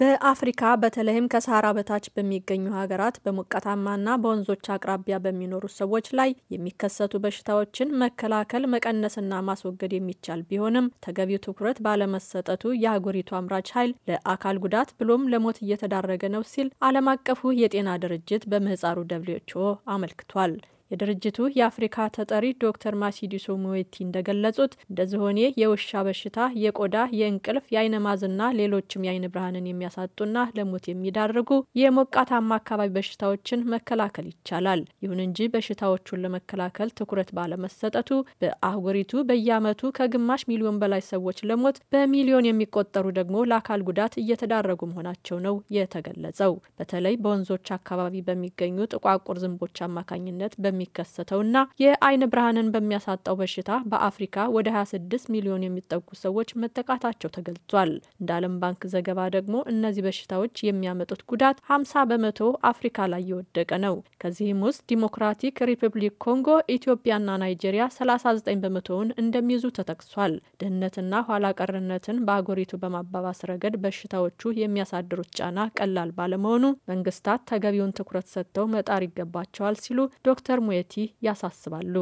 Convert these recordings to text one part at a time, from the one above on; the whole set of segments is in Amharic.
በአፍሪካ በተለይም ከሳህራ በታች በሚገኙ ሀገራት በሞቃታማና በወንዞች አቅራቢያ በሚኖሩ ሰዎች ላይ የሚከሰቱ በሽታዎችን መከላከል መቀነስና ማስወገድ የሚቻል ቢሆንም ተገቢው ትኩረት ባለመሰጠቱ የአህጉሪቱ አምራች ኃይል ለአካል ጉዳት ብሎም ለሞት እየተዳረገ ነው ሲል ዓለም አቀፉ የጤና ድርጅት በምህፃሩ ደብሊውኤችኦ አመልክቷል። የድርጅቱ የአፍሪካ ተጠሪ ዶክተር ማሲዲሶ ሙዌቲ እንደገለጹት እንደ ዝሆኔ የውሻ በሽታ የቆዳ፣ የእንቅልፍ፣ የአይነ ማዝና ሌሎችም የአይን ብርሃንን የሚያሳጡና ለሞት የሚዳርጉ የሞቃታማ አካባቢ በሽታዎችን መከላከል ይቻላል። ይሁን እንጂ በሽታዎቹን ለመከላከል ትኩረት ባለመሰጠቱ በአህጉሪቱ በየአመቱ ከግማሽ ሚሊዮን በላይ ሰዎች ለሞት በሚሊዮን የሚቆጠሩ ደግሞ ለአካል ጉዳት እየተዳረጉ መሆናቸው ነው የተገለጸው። በተለይ በወንዞች አካባቢ በሚገኙ ጥቋቁር ዝንቦች አማካኝነት በሚ በሚከሰተውና የአይን ብርሃንን በሚያሳጣው በሽታ በአፍሪካ ወደ 26 ሚሊዮን የሚጠጉ ሰዎች መጠቃታቸው ተገልጿል። እንደ ዓለም ባንክ ዘገባ ደግሞ እነዚህ በሽታዎች የሚያመጡት ጉዳት 50 በመቶ አፍሪካ ላይ የወደቀ ነው። ከዚህም ውስጥ ዲሞክራቲክ ሪፐብሊክ ኮንጎ፣ ኢትዮጵያና ናይጄሪያ 39 በመቶውን እንደሚይዙ ተጠቅሷል። ድህነትና ኋላ ቀርነትን በአገሪቱ በማባባስ ረገድ በሽታዎቹ የሚያሳድሩት ጫና ቀላል ባለመሆኑ መንግስታት ተገቢውን ትኩረት ሰጥተው መጣር ይገባቸዋል ሲሉ ዶክተር ሙየቲ ያሳስባሉ።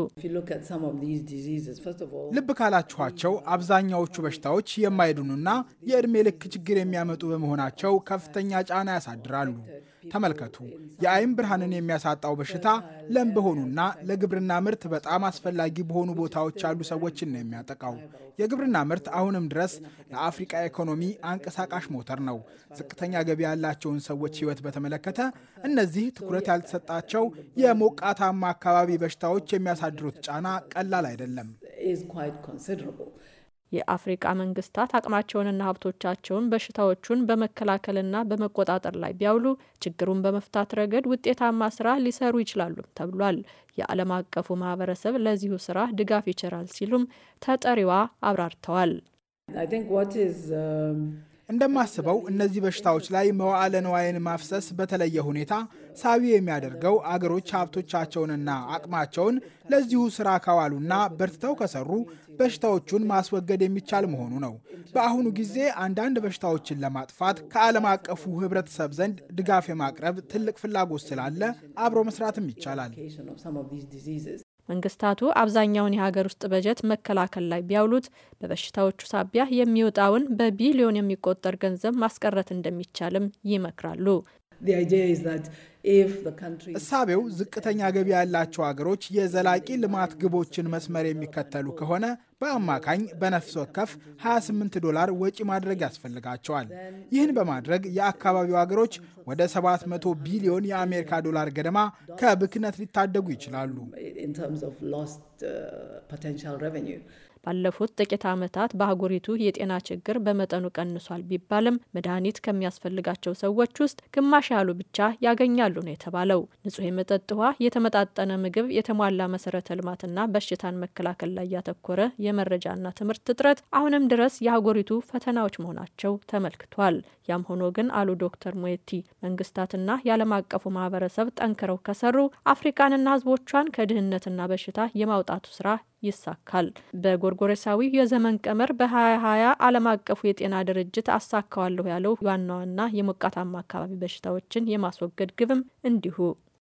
ልብ ካላችኋቸው አብዛኛዎቹ በሽታዎች የማይድኑና የእድሜ ልክ ችግር የሚያመጡ በመሆናቸው ከፍተኛ ጫና ያሳድራሉ። ተመልከቱ። የአይን ብርሃንን የሚያሳጣው በሽታ ለም በሆኑና ለግብርና ምርት በጣም አስፈላጊ በሆኑ ቦታዎች ያሉ ሰዎችን ነው የሚያጠቃው። የግብርና ምርት አሁንም ድረስ ለአፍሪቃ ኢኮኖሚ አንቀሳቃሽ ሞተር ነው። ዝቅተኛ ገቢ ያላቸውን ሰዎች ሕይወት በተመለከተ እነዚህ ትኩረት ያልተሰጣቸው የሞቃታማ አካባቢ በሽታዎች የሚያሳድሩት ጫና ቀላል አይደለም። የአፍሪቃ መንግስታት አቅማቸውንና ሀብቶቻቸውን በሽታዎቹን በመከላከልና በመቆጣጠር ላይ ቢያውሉ ችግሩን በመፍታት ረገድ ውጤታማ ስራ ሊሰሩ ይችላሉም ተብሏል። የዓለም አቀፉ ማህበረሰብ ለዚሁ ስራ ድጋፍ ይችራል ሲሉም ተጠሪዋ አብራርተዋል። um, እንደማስበው እነዚህ በሽታዎች ላይ መዋዕለ ንዋይን ማፍሰስ በተለየ ሁኔታ ሳቢ የሚያደርገው አገሮች ሀብቶቻቸውንና አቅማቸውን ለዚሁ ስራ ካዋሉና በርትተው ከሰሩ በሽታዎቹን ማስወገድ የሚቻል መሆኑ ነው። በአሁኑ ጊዜ አንዳንድ በሽታዎችን ለማጥፋት ከዓለም አቀፉ ሕብረተሰብ ዘንድ ድጋፍ የማቅረብ ትልቅ ፍላጎት ስላለ አብሮ መስራትም ይቻላል። መንግስታቱ አብዛኛውን የሀገር ውስጥ በጀት መከላከል ላይ ቢያውሉት በበሽታዎቹ ሳቢያ የሚወጣውን በቢሊዮን የሚቆጠር ገንዘብ ማስቀረት እንደሚቻልም ይመክራሉ። እሳቤው ዝቅተኛ ገቢ ያላቸው ሀገሮች የዘላቂ ልማት ግቦችን መስመር የሚከተሉ ከሆነ በአማካኝ በነፍስ ወከፍ 28 ዶላር ወጪ ማድረግ ያስፈልጋቸዋል። ይህን በማድረግ የአካባቢው ሀገሮች ወደ 700 ቢሊዮን የአሜሪካ ዶላር ገደማ ከብክነት ሊታደጉ ይችላሉ። uh, ባለፉት ጥቂት ዓመታት በአህጉሪቱ የጤና ችግር በመጠኑ ቀንሷል ቢባልም መድኃኒት ከሚያስፈልጋቸው ሰዎች ውስጥ ግማሽ ያህሉ ብቻ ያገኛሉ ይሰጣሉ ነው የተባለው። ንጹህ የመጠጥ ውሃ፣ የተመጣጠነ ምግብ፣ የተሟላ መሰረተ ልማትና በሽታን መከላከል ላይ ያተኮረ የመረጃና ትምህርት እጥረት አሁንም ድረስ የአህጉሪቱ ፈተናዎች መሆናቸው ተመልክቷል። ያም ሆኖ ግን አሉ ዶክተር ሞየቲ መንግስታትና የዓለም አቀፉ ማህበረሰብ ጠንክረው ከሰሩ አፍሪካንና ህዝቦቿን ከድህነትና በሽታ የማውጣቱ ስራ ይሳካል። በጎርጎሬሳዊ የዘመን ቀመር በ2020 ዓለም አቀፉ የጤና ድርጅት አሳካዋለሁ ያለው ዋና ዋና የሞቃታማ አካባቢ በሽታዎችን የማስወገድ ግብም እንዲሁ